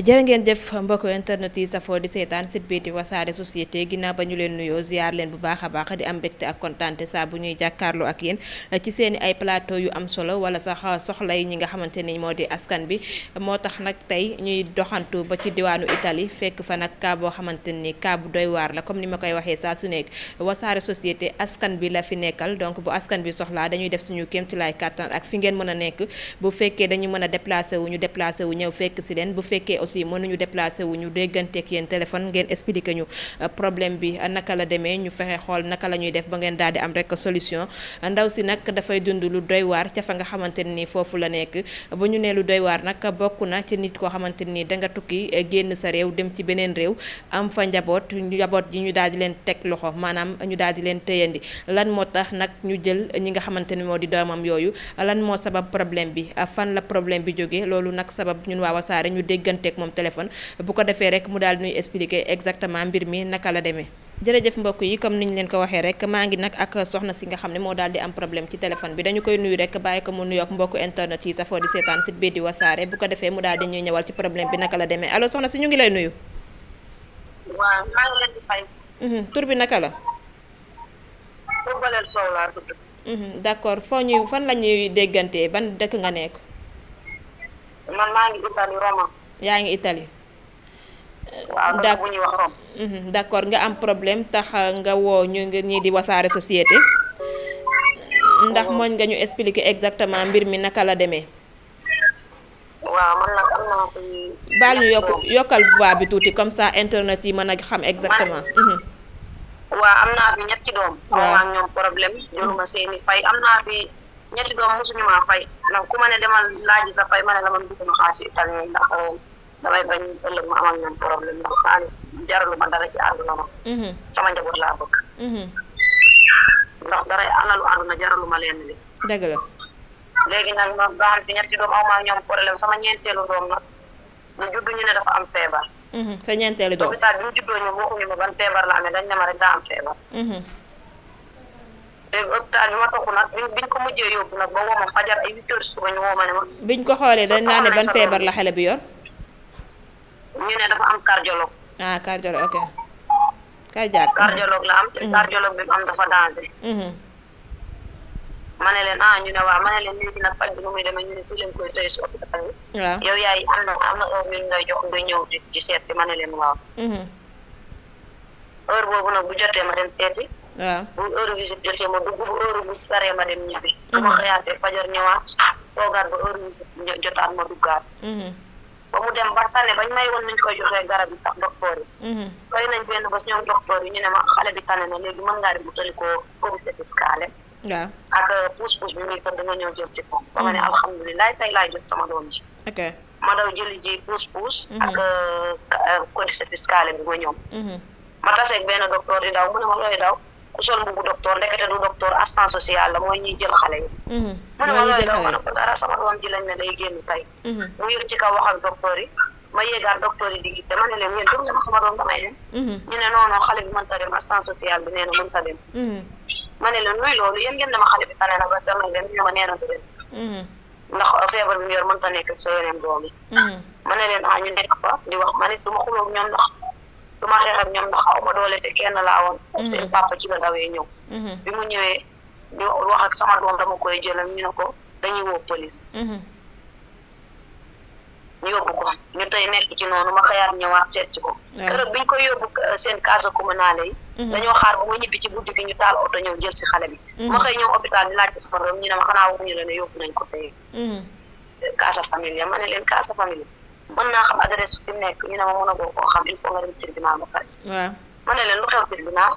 jërë ngeen jëf mbokk internet yi safoo di seetaan site bii di wasaare société ginnaaw ba leen nuyoo ziar leen bu baax a baax di am mbégte ak kontante saa bu ñuy jàkkaarloo ak yéen ci seen i ay plateau yu am solo wala sax soxla yi ñi nga xamante ni moo di askan bi moo tax nag tey ñuy doxantu ba ci diwaanu itali fekk fa nag kaa boo xamante ni kaa bu doy waar la comme ni ma koy waxee saa su nekk wasaare société askan bi la fi nekkal donc bu askan bi soxlaa dañuy def suñu kéemtulaay kàttan ak fi ngeen mën a nekk bu fekkee dañu mën a déplacé wu ñu déplacé wu ñëw fekk si leen aussi mën nañu déplacé wu ñu dégganteeg yéen téléphone ngeen expliqué ñu euh, problème bi euh, naka la demee ñu fexe xool naka la ñuy def ba ngeen daal di am rek solution ndaw si nag dafay dund lu doy waar ca fa nga xamante nii foofu la nekk ba ñu nee lu doy waar nag bokk na ci nit koo xamante ni danga tukki euh, génn sa réew dem ci beneen réew am fa njaboot njaboot yi ñu daal di leen teg loxo maanaam ñu daal di leen téyandi lan moo tax nag ñu jël ñi nga xamante ni moo di doomam yooyu bi fan ak moom téléphone bu ko defee rek mu daal di ñuy expliquer exactement mbir mi naka la demee. jërëjëf mbokk yi comme niñ leen ko waxee rek maa ngi nag ak soxna si nga xam ne moo daal di am problème ci téléphone bi dañu koy nuyu rek bàyyi ko mu nuyoog mbokku internet yi safoo di seetaan site bii wasaare bu ko defee mu daal di ñuy ñëwal ci problème bi naka la demee allo soxna si ñu ngi lay nuyu. Mhm, tur bi naka la. tur Balel mhm, foo ñuy fan la ñuy déggante ban dëkk nga nekk. yaa ngi Italie. waaw ñuy wax mhm, accord nga am problème tax nga woo ñu ngi nii di wasaare société. ndax mooñ mhm. nga ñu expliquer exactement mbir mi naka la demee. waaw man nag am naa baal ñu yokk yokkal voix bi tuuti comme ça internet yi mën a xam exactement. Mhm. waaw am naa fi ñetti doom. waaw ak ñoom problème joluma seeni fay am naa fi ñetti maa fay ndax ku ma ne demal laaji sa fay ma ne la man bëgg na italien damay bañ ëllëg mu amal nañ problème ñu ko xaalis jaralu ma dara ci àdduna ma mhm. sama njaboot laa bëgg mhm. ndax dara alalu àdduna jaralu ma leen li dëgg la léegi nag ma baax bi ñetti doom aw maa ñoom sama ñeenteelu doom nag mu judd ñu ne dafa am feebar mhm. sa ñeenteelu doom hôpital bi mu juddoo ma ban feebar la amee dañ ne ma daa am feebar léegi hôpital bi ma toxu nag biñ ko mujjee yóbbu nag ba woo ma fajar ay huit heures suba ñu woo ma ne ma biñ ko xoolee dañ naa ban feebar la xale bi yor ñu ne dafa am cardiologue. ah cardiologue ok. cardiologue la am. te mhm. cardiologue bi mu am dafa danger. Mhm. ma ne leen ah ñu ne waaw ma ne leen léegi nag faj bi nu muy demee ñu ne fii koy tey si hôpital yaay am am na heure yu ñu ñëw di seet si ma ne leen waaw. Mhm. heure boobu nag bu jotee ma dem seeti. waaw bu heure visite jotee ma dugg bu heure bu paree ma dem ñibbi. bu ma xëyaatee fajar ñëwaat toogaat ba heure visite jotaat ma duggaat. ba mu dem ba tane bañ may woon nuñ koy joxee garab yi sax docteur yi koy mhm. nañ benn bés ñoom docteur yi ñu ne ma xale bi tane na léegi mën ngaa dem utali koo commissaire fiscale waaw ak euh, pousse pousse bi muy tëdd nga ñëw jël si ko ba ma ne mhm. alhamdulilah tey laay jot sama doom ji ma daw jëli ji pousse pousse mhm. ak euh, euh, commissaire fiscale bi ba ñoom ma taseeg benn docteur di daw mu ne ma looy daw ku sol mbubu docteur ndekete du docteur assistance sociale la mooy ñuy jël xale yi mhm. mu ne ma loolu doo mën a ko dara sama doom ji lañ ne day génn tey mhm. mu yëg ci kaw wax ak docteur yi ma yéegaat docteur yi di gisee ma ne leen yéen déglu ma sama doom damay dem mhm. ñu ne noonu xale bi mënta dem assistance sociale bi nee ma ne leen luy loolu yéen ngeen dama xale bi tane na ba damay dem nee na du dem ndax feebar bi mu yor ta nekk sa yeneen doom yi ma ne leen ah ñu nekk fa di wax ma ne du ma xuloo ñoom ndax du ma xeex ak ñoom ndax xaw ma doole te kenn laa woon. Mhm. seen papa ci la dawee ñëw. Mhm. bi mu ñëwee ñu wax ak sama doom dama koy jël ñu ne ko dañuy woo police. Mhm. ñu yóbbu ko ñu tey nekk ci noonu ma xëyaat ñëwaat seet ci ko. kërëb biñ koy yóbbu euh, seen case communale yi. dañoo xaar ba mu ñibbi ci guddi ki ñu taal oto ñëw jël si xale bi. ma xëy ñëw hôpital di laaj sama doom ñu ne ma xanaa waxuñu la ne yóbbu nañ ko tey. case familiale ma ne leen case familiale. mën naa xam adresse fi nekk ñu ne ma mën a boo koo xam il faut nga dem tribunal ba pare. waaw ma leen lu xew tribunal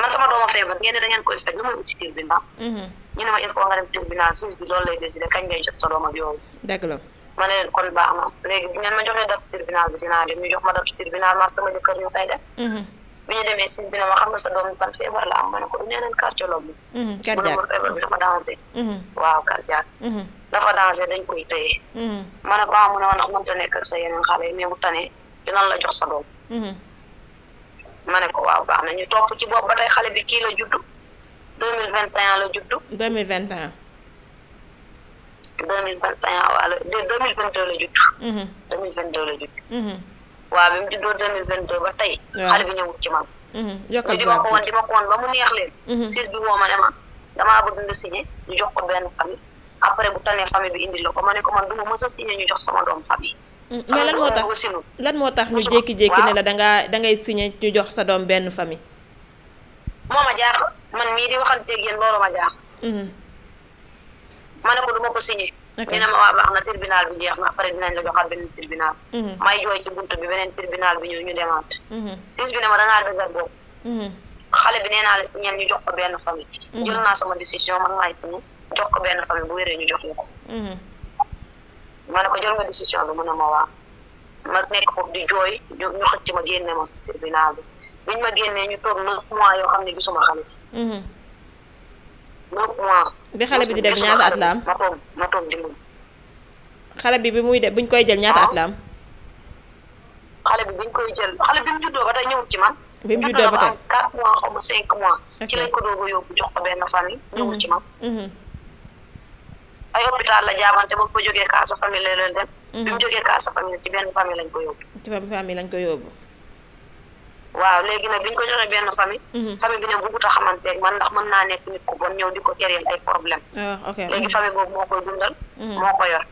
man sama a feebar ngeen ne da ngeen koy faj lu muy ut ci tribunal. Mhm. ñu ne ma il faut nga dem tribunal juge bi loolu lay décider kañ ngay jot sa doom ak yooyu. dëgg la ma ne leen kon baax na léegi bu ngeen ma joxee date tribunal bi dinaa yo ñu jox ma date tribunal man sama jëkkër ñu koy def. Mhm. bi ñu demee bi na ma xam nga sa doom ban feebar la am ma ko nee nañ cardiologue bi. cardiaque mhm, mu ne ma dafa danger. Mhm. waaw cardiaque. Mhm. dafa danger dañ koy tëye. ma ne ko ah mu ne nekk ak sa yeneen xale yi mais bu tane dinañ la jox sa ma ne ko waaw baax na ñu topp ci bopp ba tey xale bi kii la juddu deux mille vingt et la juddu. deux mille vingt et un. deux mille vingt et un waaw deux mille vingt deux la juddu. deux mille vingt deux la juddu. waaw bi mu juddoo deux mille vingt ba tey. xale bi ñëwut ci man. Mhm, yokkal di ma ko woon di ma ko woon ba mu neex leen. Mhm. siis bi woo ma ne ma damaa bëgg nga ñu jox ko benn famille après bu tanee famille bi indi la ko ma ne ko man du ma mës a signé jox sama doom famille. Mhm, mais lan moo tax lan moo tax ñu jékki-jékki ne la da ngaa da ngay signé ñu jox sa doom benn famille. moo ma jaax man mii di waxanteeg yéen loolu ma jaax. ma ne ko du ma ko signé. ñu ne ma waa baax na tribunal bi jeex na après dinañ la joxaat beneen tribunal. Mhm. may jooy ci buntu bi beneen tribunal bi ñu demaat. Mhm. siis bi ne ma dangaa dëgër bopp. Mhm. xale bi nee naa la si ñeen ñu jox ko benn famille. naa sama décision man maay fi jox ko benn famille bu wéree ñu jox ñu ko. ma ne ko jël nga décision bi mu ne ma waa ma nekk foofu di jooy ñu xëcc ma génne ma tribunal bi biñ ma génnee ñu toog neuf mois yoo xam ne sama xam bi. bi xale bi di def ñaata at la am xale bi bi muy def buñ koy jël ñaata at la am. xale bi buñ koy jël xale bi mu juddoo ba tey ñëwul ci man. bi mu juddoo ba tey 4 mois xaw mois. ci lañ ko doog a yóbbu jox ko benn famille. ñëwul ci man. Mm-hmm. Mm-hmm. ay hôpital la jaabante ba ko jógee Casa Famille lay leen dem. Mm-hmm. bi mu jógee Casa Famille ci benn famille lañ ko yóbbu. ci benn famille lañ ko yóbbu. waaw léegi nag bi ñu ko joxee benn famille. Mhm. famille bi ne bëggut a xamanteeg man ndax mën naa nekk nit ku ñëw di ko kereel ay problème ah, léegi mhm. famille boobu moo koy dundal. Mhm. moo ko yor.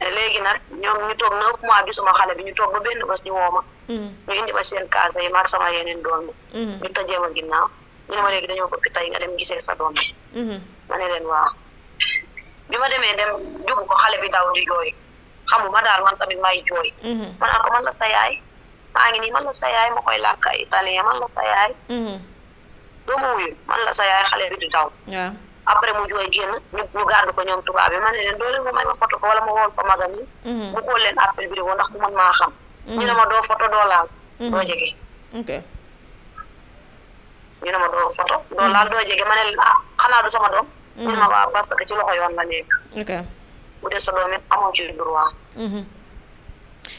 léegi nag ñoom ñu toog na neuf mois gisuma xale bi ñu toog ba benn bés ñu woo ma. ñu indi ma seen kaasa yi maag sama yeneen doom bi. ñu tëjee ma ginnaaw ñu ne ma léegi dañoo bëgg tey nga dem gisee sa doom bi. ma ne leen waaw. bi ma demee dem jubu ko xale bi daaw di jooy xamuma daal man tamit may jooy. ma ne ko man la sa yaay. maa ngi nii man la sa yaay ma koy làkk ay italien man la sa yaay mm-hmm. doomu wuyu man la sa yaay xale bi di daw après mu jooy génn ñu ñu garde ko ñoom tubaab bi ma ne leen doo leen ma may ko wala ma woon sa magan mm-hmm. leen appel bi di ko ndax mu mën maa xam mm-hmm. ñu ne ma doo photo doo laal doo jege ñu ne ma doo photo doo ma doom ñu ne ma waaw parce que ci loxo yoon la nekk bu dee sa doom it ci droit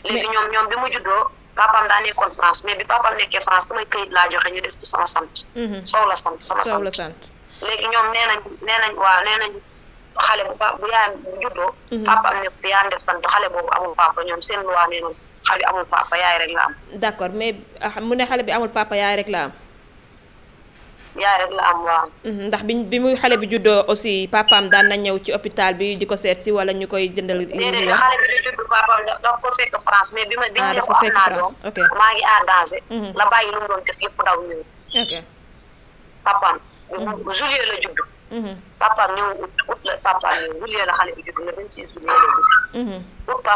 léegi ñoom ñoom bi mu juddoo papaam daa nekkoon France mais bi papaam nekkee France samay këyit laa joxe ñu def ci sama sant. Mhm. Sow la sant sama la sant. léegi ñoom nee nañ nee nañ waaw nee nañ xale bu pa bu yaayam juddoo. Mhm. papaam ne fi yaa def sant xale boobu amul papa ñoom seen luwaa ne nañ xale bi amul papa yaay rek la am. d'accord mais ah, mu ne xale bi amul papa yaay rek la am. yaa rek la am waaw. Mhm, ndax bi bi muy xale bi juddoo aussi papaam daan na ñëw ci hôpital bi di ko seet si wala ñu koy jëndal. déedéet xale bi di ko fekk France mais bi ma. bi ñu ah, ne ko am naa maa ngi en danger. Mhm. la bàyyi lu mu doon def yëpp ndaw ñëw. ok mhm. la judd. papaam ñëw xale bi judd le 26 juillet la judd.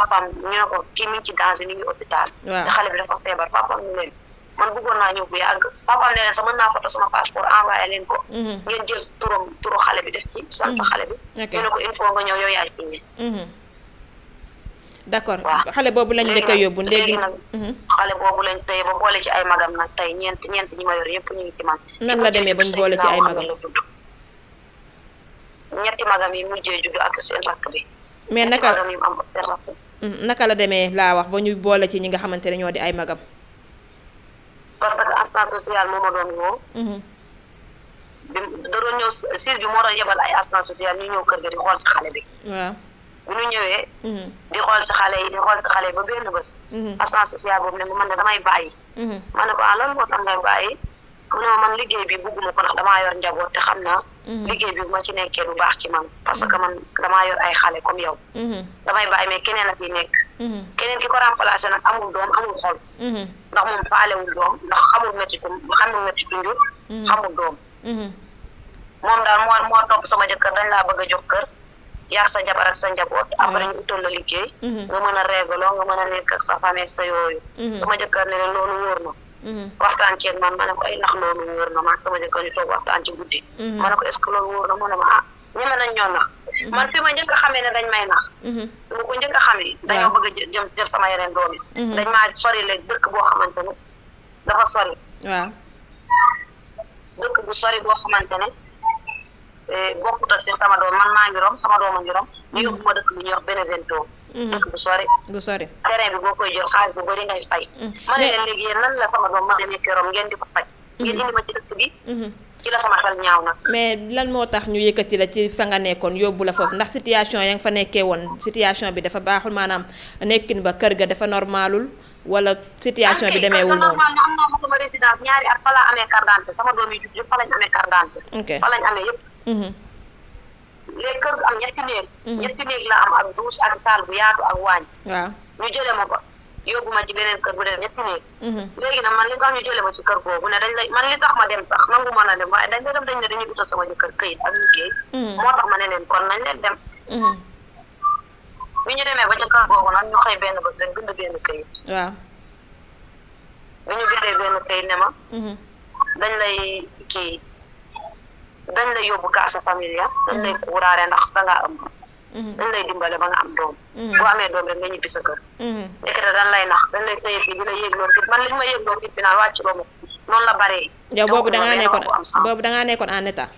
kii mi ci danger mi ngi hôpital. waaw man bëggoon naa ñëw bu yàgg papaam ne leen sax mën naa photo sama passeport envoyé leen ko mhm. ngeen jël turam turu xale bi def ci sant mhm. xale bi ñu ne ko il faut nga ñëw yow yaay signé mhm. d'accord xale boobu lañ njëkk a yóbbu léegi xale boobu lañ tey ba boole ci ay magam nag tey ñeent ñeent ñi ma yor yëpp ñu ngi ci man nan la demee bañ boole ci ay magam ñetti magam yi mujjee juddu ak seen rakk bi mais naka magam yi am seen rakk naka la demee laa wax ba ñu boole ci ñi nga xamante ne ñoo di ay magam parce que assistance sociale moo ma doon woo. Mhm. bi ñëw siis bi moo doon yebal ay assistance sociale ñu ñëw kër ga di xool si xale bi. waaw bu ñu ñëwee. Mhm. di xool si xale yi di xool si xale yi ba benn bés. Mhm. assistance sociale boobu ne man ne damay bàyyi. ma ne ko ah loolu moo tax ngay bàyyi mu ne ma man liggéey bi bugguma ko ndax damaa yor njaboot te xam na liggéey bi bu ma ci nekkee du baax ci man parce que man dama yor ay xale comme yow. damay bàyyi mais keneen a fi nekk. Mhm. keneen ki ko remplacé nag amul doom amul xol. Mhm. ndax moom faalewul doom ndax xamul méttitu xamul méttitu njur. Mhm. xamul doom. moom daal moo moo topp sama jëkkër dañ laa bëgg a jox kër yaax sa jabar ak sa njaboot. na ñu utal la liggéey. nga mën a régloo nga mën a nekk sa famille sa yooyu. sama jëkkër ne leen loolu wóor na. waxtaan ceeg man ma ne ko ay ndax loolu wóor na ma sama jëkkër ñu toog waxtaan ci guddi. ma ne ko est ce que loolu wóor na mu a ma ah ñeme man fi ma njëkk a xamee ne dañ may nax ma mhm. ko njëkk a xamee dañoo bëgg a jëm jël sama yeneen doom yi mhm. dañ maa sori la dëkk boo xamante ne dafa sori waaw dëkk bu sori boo xamante ne eh, bokkut ak sax sama doom man maa ngi rom doom a ngi rom ñu mhm. dëkk bu ñuy wax Benevento dëkk bu sori bu sori terrain bi boo koy jël xaalis bu ngay fay ma léegi yéen lan la sama doom ma demee këram ngeen di ko faj ngeen indi ma ci dëkk bi ci la sama xel ñaaw na. mais lan moo tax ñu yëkkati la ci fa nga nekkoon yóbbu la foofu ndax situation ya nga fa nekkee woon situation bi dafa baaxul maanaam nekkin ba kër ga dafa normalul wala situation bi demee noonu. normal am naa ma sama résidence ñaari at fa laa amee carte sama doom yi jub yëpp lañ amee carte d'identité. ok fa lañ amee yëpp. Mhm. léegi kër ga am ñetti néeg. Mhm. ñetti néeg la am ak douche ak salle bu yaatu ak waañ. waa ñu jëlee ma ko. yóbbu ma ci beneen kër bu dee ñetti mhm. léegi nag man li nga xam ñu jële ma ci kër googu ne dañ lay man li tax ma dem sax nangu mën a dem waaye dañ lay dem dañ ne dañuy utal sama jëkkër ak liggéey mhm. moo tax ma ne leen kon nañ leen dem mhm. bi ñu demee ba ca kër googu nag ñu xëy benn bés rek bind benn këyit waaw bi ñu bindee benn këyit ne ma dañ lay kii dañ lay yóbbu kaasa familia dañ lay kuuraare ndax dangaa ëmb Mhm. dañ lay dimbale ba nga am doom boo mhm. amee doom rek nga ñibbi sa kër mhm. nekkete dañ lay nax dañ lay tëye fii di la yéegloo tit man li ñu ma yéegloo tit bi naan wàcc loo ma noonu la baree yow boobu dangaa nekkoon boobu dangaa nekkoon en état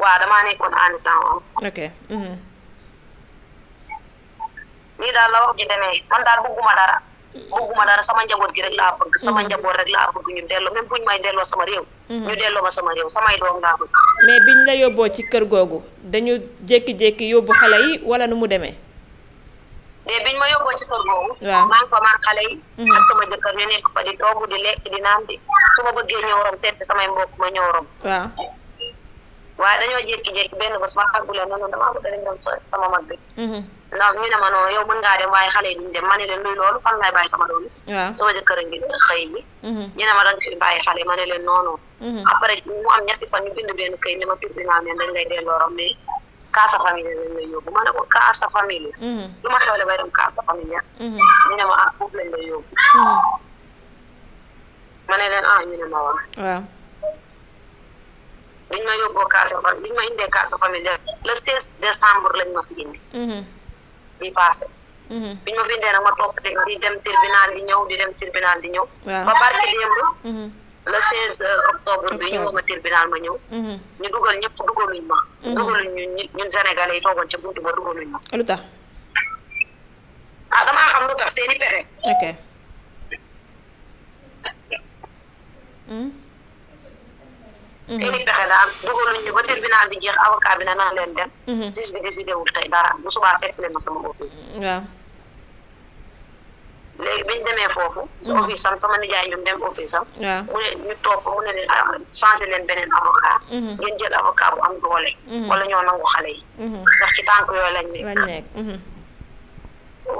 waaw damaa nekkoon en état waaw ok nii daal la wax ji demee man daal bëgguma dara bëgguma dara sama njaboot gi rek laa bëgg sama mm-hmm. njaboot rek laa bëgg ñu delloo même buñ may delloo sama réew mm-hmm. ñu delloo ma sama réew samay doom laa bëgg mais biñ la yóbboo ci kër googu dañu jékki-jékki yóbbu xale yi wala nu mu demee mais biñ ma yóbboo ci kër googu maa ngi fa xale yi mm-hmm. ak sama jëkkër ñu nekk fa di togg di lekk di naan di su ma bëggee ñëw rom seet si samay mbokk ma ñëw rom waaye dañoo jékki-jékki benn bés ma xàggu leen ne leen damaa bëgg dañ dem sama mag bi. Mhm. ndax ñu ne ma noonu yow mën ngaa dem waaye xale yi duñ dem ma ne leen luy loolu fan ngay bàyyi sama doom a ngi xëy bi. Mhm. ñu ne ma da ma ne leen noonu. Mhm. après mu am ñetti fan ñu bind benn këy ne ma tribunal ne dañ lay delloo rom mais kaas sa ma ne ko kaas sa famille. lu ma xewle bay dem kaas sa famille. lañ lay yóbbu. ma ne leen ah ñu biñ ma yóbboo Casa Famille biñ ma indee Casa Famille le 16 décembre lañ ma fi indi. Mhm. bi passé. Mhm. biñ ma fi indee nag ma topp di dem tribunal di ñëw di dem tribunal di ñëw. ba barke démb. Mhm. le 16 euh, octobre bi ñu woo ma tribunal ma ñëw. ñu dugal ñëpp dugaluñ ma. dugaluñ ñun ñun sénégalais yi toogoon ci buntu ba dugaluñ ma. lu tax. ah damaa xam lu tax seeni pexe. ok. Hmm? seeni mhm. pexe daal dugaluñ ñu bi tribunal bi jeex avocat bi na nan leen dem mhm. juge bi décidé wul tey dara bu subaa fekk leen ma sama office mhm. waaw léegi bi demee foofu si office sama nijaay ñun dem office am mu ne ñu toog fa mu ne leen ah, changé leen beneen avocat ngeen jël avocat bu am doole wala ñoo nangu xale yi ndax ci tànk yooyu lañ nekk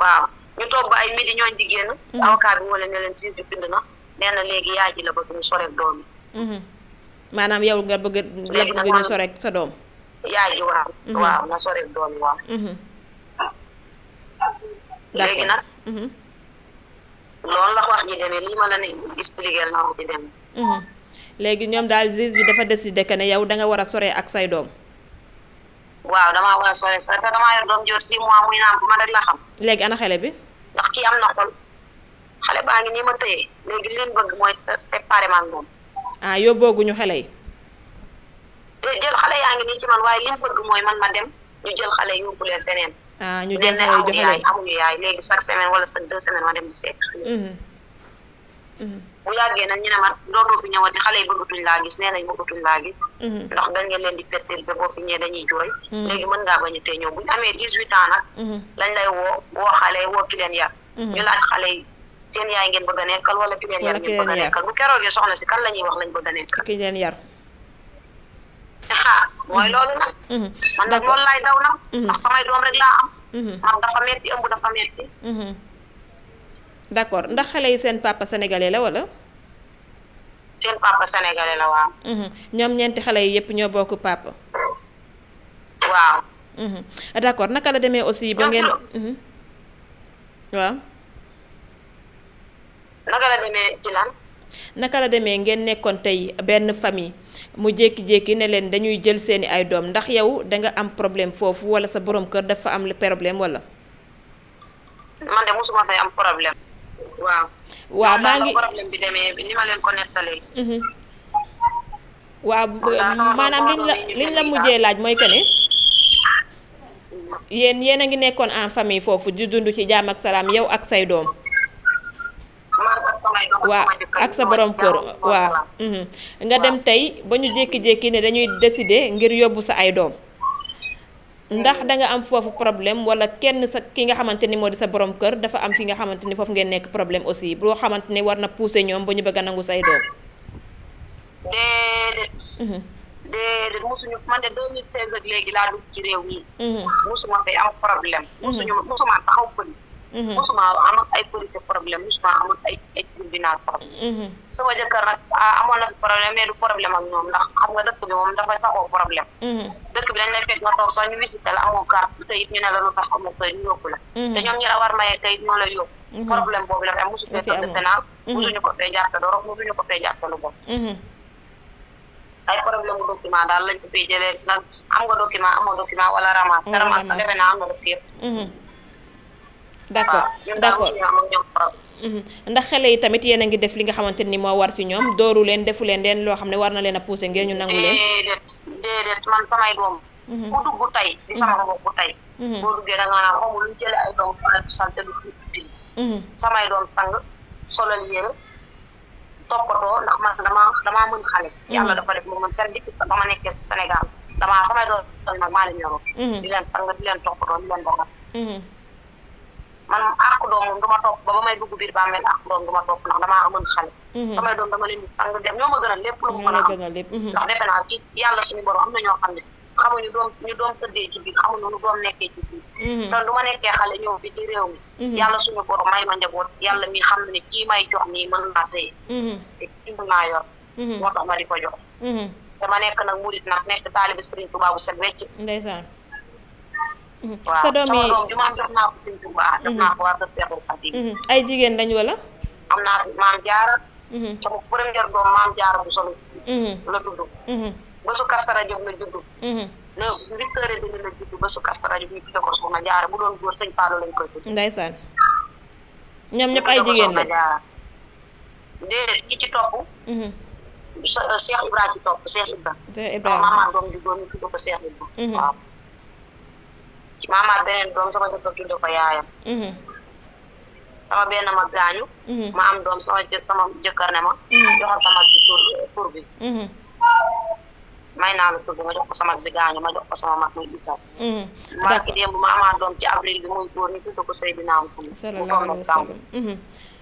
waaw ñu toog ba ay midi ñooñ di génn si avocat bi mu ne leen juge bi bind na nee na léegi yaay ji la bëgg ñu soreel doom maanaam yow nga bëgg nga bëgg ñu soreeg sa doom. yaay ji waaw. Mhm. waaw na soreeg doom yi mhm. léegi nag. Mhm. loolu la wax ji demee lii ma la ne expliqué la wax ji demee. léegi ñoom daal juge bi dafa décidé que ne yow da nga war a sore ak say doom. waaw damaa war a sore sa te damaa yor doom joor six mois muy naan ma rek la xam. léegi ana xale bi. ndax kii am na xol xale baa ngi nii ma tëye léegi li leen bëgg mooy séparément moom. ah yóbbooguñu xale yi. jël xale yaa ngi nii ci man waaye li mu bëgg mooy man ma dem ñu jël xale yóbbu leen feneen. ah ñu jël xale jox leen amuñu yaay léegi chaque semaine wala chaque deux semaines ma dem di seet. Mhm. Mhm. bu yàggee nag ñu ne ma dootoo fi ñëwati xale yi bëggatuñ laa gis nee nañ bëggatuñ laa gis. Mhm. ndax dañ nga leen di pertel ba boo fi ñëwee dañuy jooy. léegi mën ngaa bañ a tee ñëw bu ñu amee dix huit ans nag. lañ lay woo woo xale yi woo ki leen yar. ñu laaj xale yi seen yaay ngeen bëgg a nekkal wala ki leen yar ngeen bëgg a nekkal bu keroogee soxna si kan la ñuy wax lañ bëgg a nekkal ki leen yar ah mooy loolu nag mm-hmm. man nag loolu laay daw nag mm-hmm. ndax samay doom rek laa am mm-hmm. man dafa metti ëmb dafa metti d'accord ndax xale yi seen papa sénégalais la wala seen papa sénégalais la waaw ñoom ñeenti xale yi yépp ñoo bokk papa waaw d'accord naka la demee aussi ba ngeen waaw naka la demee ngeen nekkoon tey benn famille mu jékki-jékki ne leen dañuy jël seeni ay doom ndax yow danga am problème foofu wala sa boroom kër dafa am problème wala. man de maa ngi problème bi demee ni ma leen ko mhm. maanaam la mujjee ah. laaj mooy que ne yéen a ngi nekkoon en famille foofu di dund ci jàmm ak salaam yow ak say doom. waa ak sa boroom kër waaw mhm. nga dem tey ba ñu jékki-jékki ne dañuy décider ngir yóbbu sa ay doom ndax da am foofu problème wala kenn sa ki nga xamante ni moo di sa borom kër dafa am fi nga xamante ni foofu ngeen nekk problème aussi boo xamante ni war na pousser ñoom ba ñu bëgg a nangu say doom. Mhm. léegi laa dugg mosuma am ak ay policier problème mosuma am ak ay ay tribunal problème mm-hmm. du problème ak ñoom ndax xam nga dëkk bi moom dafa saxoo problème mm-hmm. dëkk bi dañ lay fekk nga toog sax ñu visité la amoo carte kayit ñu ne la lu tax amoo kayit ñu yóbbu la mm-hmm. te ñoom am mosu fee tëdd pénal mosuñu ko fee jàppe dorog mosuñu ko fee jàppe lu nga document amoo document wala ramasse d'accord ah, d'accord mhm. ndax xale yi tamit yéen a ngi def li nga xamante ni moo war si ñoom dooru leen defu leen leen loo xam ne war na leen a poussé ngeen ñu nangu leen. déedéet man samay doom. Mhm. Mhm. ay doom lu fi utile. samay doom sang solal yére toppatoo ndax man damaa damaa mën xale. yàlla dafa def mu mën seen depuis ba ma nekkee Sénégal damaa samay doom nag maa leen yoroo. di leen sang di leen toppatoo di leen dogal. man àq doom moom du ma topp ba ba may dugg biir bàmmeel àq doom du ma topp ndax damaa amoon xale mhm. samay doom dama leen di sang dem ñoo ma gënal lépp lu mu mën a am mhm. ndax defe naa ci yàlla suñu borom am na ñoo xam ne xamuñu doom ñu doom tëddee ci biir xamuñu nu nekkee ci biir kon mhm. du ma nekkee xale ñëw fi ci réew mi yàlla suñu borom may ma njaboot yàlla mi xam ne kii may jox nii mën naa tëye te kii moo tax ma di ko jox dama nekk nag murit nag nekk taalibi Sëriñ Tuubaa bu set wecc ndeysaan sa doom yi waaw sama naa ko sëñ Tuubaa def naa ko war def Seexul Xadiim ay jigéen dañ wala. am naa maam jaara. Mhm. sama premier doom maam jaara bu solo. Mhm. la tudd. Mhm. bésu kastara jóg la judd. ne huit heures et demi la judd bésu kastara jóg ñu tudde ko soxna jaara bu doon góor sëñ Fallou lañ koy tudd. ndeysaan ñoom ñëpp ay jigéen la jaara déedéet ki ci topp. Cheikh Ibra ci topp Cheikh Ibra. Cheikh Ibra waaw maamaam doom ju góor ñu tudde ko Cheikh Ibra ma amaat beneen doom sama jëkkër tudde ko yaayam mhm. sama benn ma gaañu mhm. ma am doom sama jë sama jëkkër ne ma mhm. may naa la tur bi ma jox ko sama bi gaañu ma jox ko sama mag muy isal ma amaat doom ci avril bi muy góor ñu tudde ko Seydina Muhammad sallallahu alayhi wa sallam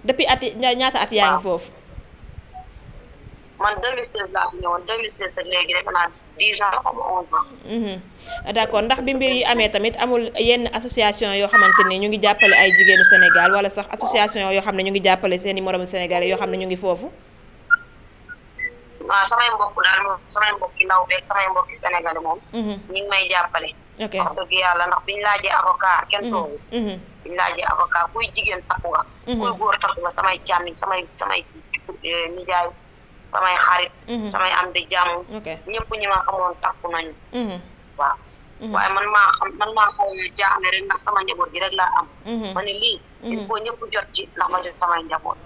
depuis at ñaata foofu man 2016 laa fi ñëwoon 2016 ak léegi rek naa dix ans am mhm. onze ans. d' accord ndax bi mbir yi amee tamit amul yenn association yoo xamante ni ñu ngi jàppale ay jigéenu Sénégal wala sax association yoo xam ne ñu ngi jàppale seeni i moromu sénégalais yoo xam ne ñu ngi foofu. waaw ah, samay mbokk daal moom samay mbokki ndaw beeg samay mbokki sénégalais moom. Mhm. ñu ngi may jàppale. ok wax dëgg yàlla ndax biñ laajee avocat kenn mhm. toogu. biñ laajee jigéen takku nga. kuy samay càmmiñ samay samay eh, samay xarit mhm. samay am di jàmm ñëpp ñi ma xamoon takku nañu mhm. waaw mhm. man maa xam man maa xaw a jaaxle rek ndax sama njaboot gi rek laa am ma ne lii il faut jot ci ndax ma jot samay njaboot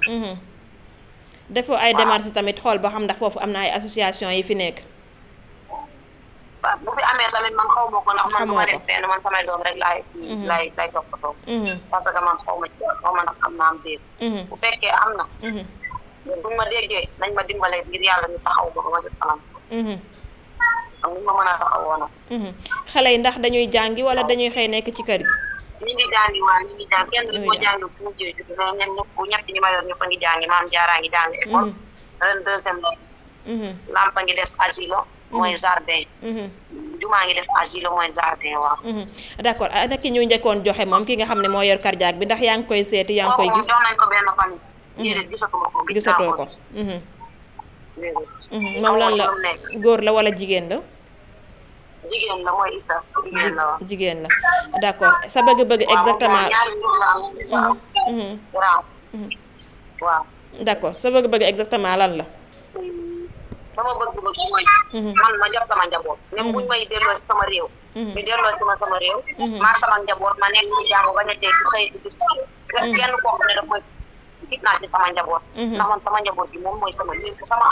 defoo ay démarches tamit xool boo xam ndax foofu am na ay association yi fi nekk waaw bu fi amee tamit man xaw ma ko ma dem fenn man samay doom rek laay laay laay parce que man xaw ma ndax am na am déet fekkee am na bu ma déggee nañ ma dimbale ngir yàlla ñu taxaw ma jot mhm. mhm. yi ndax dañuy jàngi wala dañuy xëy nekk ci kër gi ñu ngi jàngi jàng kenn jaaraa ngi jàngi mhm. école ngi def asilo mooy jardin jumaa ngi def asilo mooy jardin waaw d'accord ah, nag ki ñu joxe moom ki nga xam ne moo yor cardiaque bi ndax yaa ngi koy seeti yaa ngi koy gis jox nañ ko déedéet gisatuma gisatoo ko moom lan la góor la wala jigéen la. jigéen la mooy la d' accord sa bëgg-bëgg. exactement waaw d' lan la. sama njaboot. même buñ may delloo sama sama réew. maa sama njaboot ma nekk ci jàmm ba nga dégg xëy gis. kenn koo xam tiit naa ci sama njaboot mhm. ndax man sama njaboot gi moom mooy sama lépp sama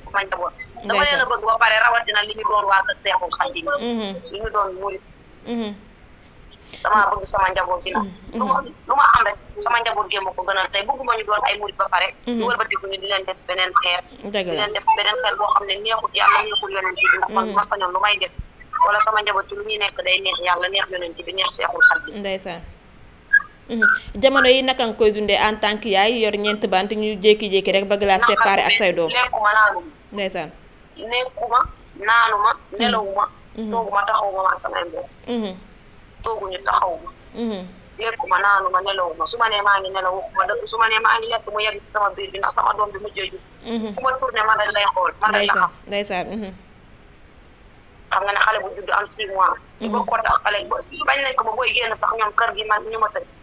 sama njaboot a bëgg ba pare rawatina li ñu doon waa kër Seexul Xadiim mhm. li ñu doon murit mhm. damaa bëgg sama njaboot gi nag lu ma lu ma am rek sama njaboot gi ma ko gënal tey bëgguma ñu doon ay murit ba pare ñu wëlbatiku ñu di beneen xeer di leen def beneen boo xam ne neexut yàlla neexul yonent bi ndax man ma sañoon lu may def wala sama njaboot ci lu ñuy nekk day neex yàlla neex yonent bi neex Seexul Xadiim ndeysaan Mhm. jamono yi naka nga koy dundee en tant yaay yor ñeent bant ñu jékki-jékki rek bëgg laa séparer ak say doom. lekkuma naanuma. ndeysaan. lekkuma mhm. mhm. naanuma. nelawuma. tooguma taxawuma ma samay mbokk. tooguñu taxawuma. lekkuma naanuma nelawuma ma nelaw waxuma dëgg su ma nee maa ngi lekk mu yegg ci sama biir bi ndax sama doom bi mujjee jug. ku xool. man dañ la xam ndeysaan nga ne xale bu judd am 6 mois. di ko kott ak xale bañ nañ ko booy génn sax ñoom kër gi man ñu ma tëj.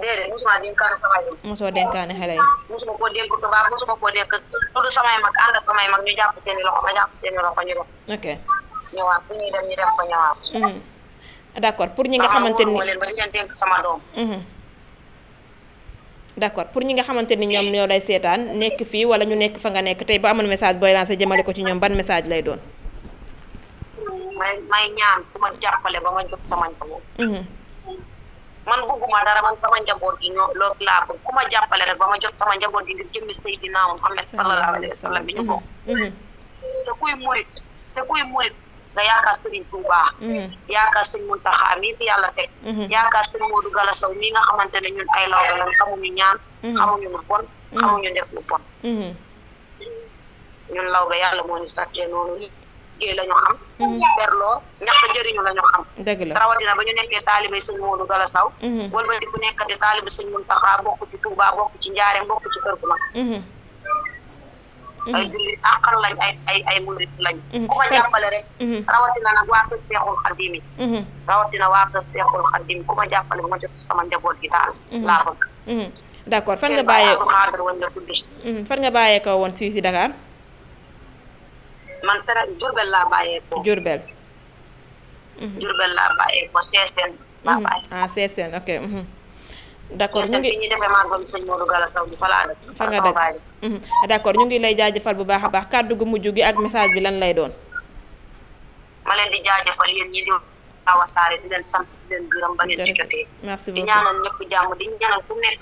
déedéet mosuma dénkaane sama yow. mosoo dénkaane xale yi. mosuma koo dénk tubaab mosuma koo dénk tudd samay mag ànd ak samay mag ñu jàpp seen i loxo ma jàpp seen i loxo ñu dem. ok ñëwaat fu ñuy dem ñu dem ko ñëwaat. Mhm. d'accord pour ñi nga xamante ni leen ba di leen dénk sama doom. Mhm. d'accord pour ñi nga xamante ni ñoom ñoo lay seetaan nekk fii wala ñu nekk fa nga nekk tey ba amoon message booy lancé jëmale ko ci ñoom ban message lay doon. may may ñaan ku ma jàppale ba ma jot sama njaboot. Mhm. man bëgguma dara man sama njaboot gi ñoo loolu laa bëgg ku ma jàppale rek ba ma jot sama njaboot gi ngir jëmmi Seydina Muhammad sallallahu alayhi wa sallam bi ñu bokk te kuy murit kuy murit nga yaakaar Serigne Touba mm-hmm. yaakaar Serigne Mountakha mii fi yàlla teg mm-hmm. yaakaar Serigne Modou Gala Sow mii nga xamante ne ñun ay law lañ xamuñu ñaan mm-hmm. xamuñu lu bon xamuñu def lu bon ñun law ba yàlla moo ñu sàkkee noonu liggéey la ñu xam mhm. berloo ñax jëriñu lañu xam dëgg la rawatina ba ñu nekkee taalibe sëñ Moodu Gala Saw mhm. wala ba di ku nekkati taalibe sëñ Muntaxa bokk ci Tuubaa bokk ci Njaareem bokk ci kër gu mag mhm. ay jullit àqal lañ ay ay ay murit lañ ku ko jàppale rek rawatina nag waa kër Seexul Xadim yi rawatina waa kër Seexul Xadim ku ma jàppale bu ma jot sama njaboot gi daal laa bëgg d'accord fan nga bàyyee fan nga bàyyee ko woon si si Dakar man sara Jurbel laa bàyyeekoo. Jurbel. Mhm. Jurbel laa bàyyeekoo CSN. laa mhm. bàyyeekoo ah ok. Mhm. d'accord ñu ngi lay jaajëfal bu baax a baax kàddu gu mujj gi ak message bi lan lay doon. ma leen di jaajëfal yéen ñi di Wassare di leen sant di leen gërëm ba ngeen di merci beaucoup di ñaanal ñëpp jàmm di ñaanal ku nekk.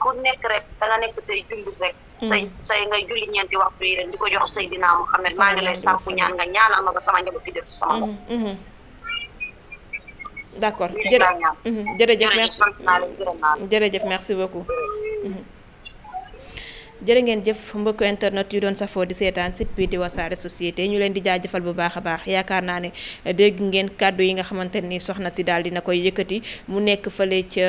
ku nekk rek da nekk tey jullit rek. say hmm. say ngay julli ñeenti waxtu yi leen di ko jox Seydina Muhammad maa ngi lay sàmp ñaan nga ñaan am ko sama njaboot gi def sama bopp hmm, hmm. d'accord jërëjëf jërëjëf merci jërëjëf merci beaucoup jërë ngeen jëf mbokk internet yu doon safoo di seetaan site bi di wasaare société ñu leen di jaajëfal bu baax a baax yaakaar naa ne dégg ngeen kàddu yi nga xamante ni soxna si daal dina koy yëkkati mu nekk fële ca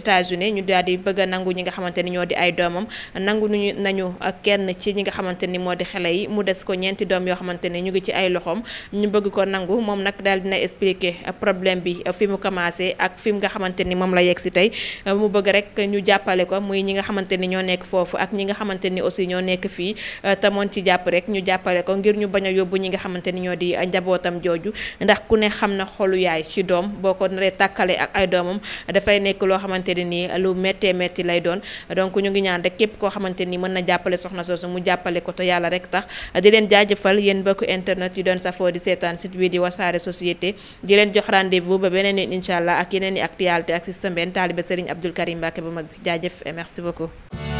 États-Unis ñu daal di bëgg a nangu ñi nga xamante ni ñoo di ay doomam nangu nuñu nañu ak kenn ci ñi nga xamante ni moo di xele yi mu des ko ñeenti doom yoo xamante ni ñu ngi ci ay loxoom ñu bëgg ko nangu moom nag daal dina expliquer problème bi fi mu commencé ak fi mu nga xamante ni moom la yegg si tey mu bëgg rek ñu jàppale ko muy ñi nga xamante ni ñoo nekk foofu ak ñi nga xamante ni aussi ñoo nekk fii euh, te moon ci jàpp rek ñu jàppale ko ngir ñu bañ a yóbbu ñi nga xamante ni ñoo di njabootam jooju ndax ku ne xam na xolu yaay ci doom boo ko naree tàkkalee ak ay doomam dafay nekk loo xamante ne nii lu méttee metti lay doon donc ñu ngi ñaan rek képp koo xamante ni mën na jàppale soxna soosu mu jàppale ko te yàlla rek tax di leen jaajëfal yéen mbokku internet yi doon safoo di seetaan site bii di wasaare société di leen jox rendez-vous ba beneen yoon incha allah ak yeneen i actualité ak système benn taalibe Serigne Abdoul Karim Mbacke bu mag bi jaajëf et merci beaucoup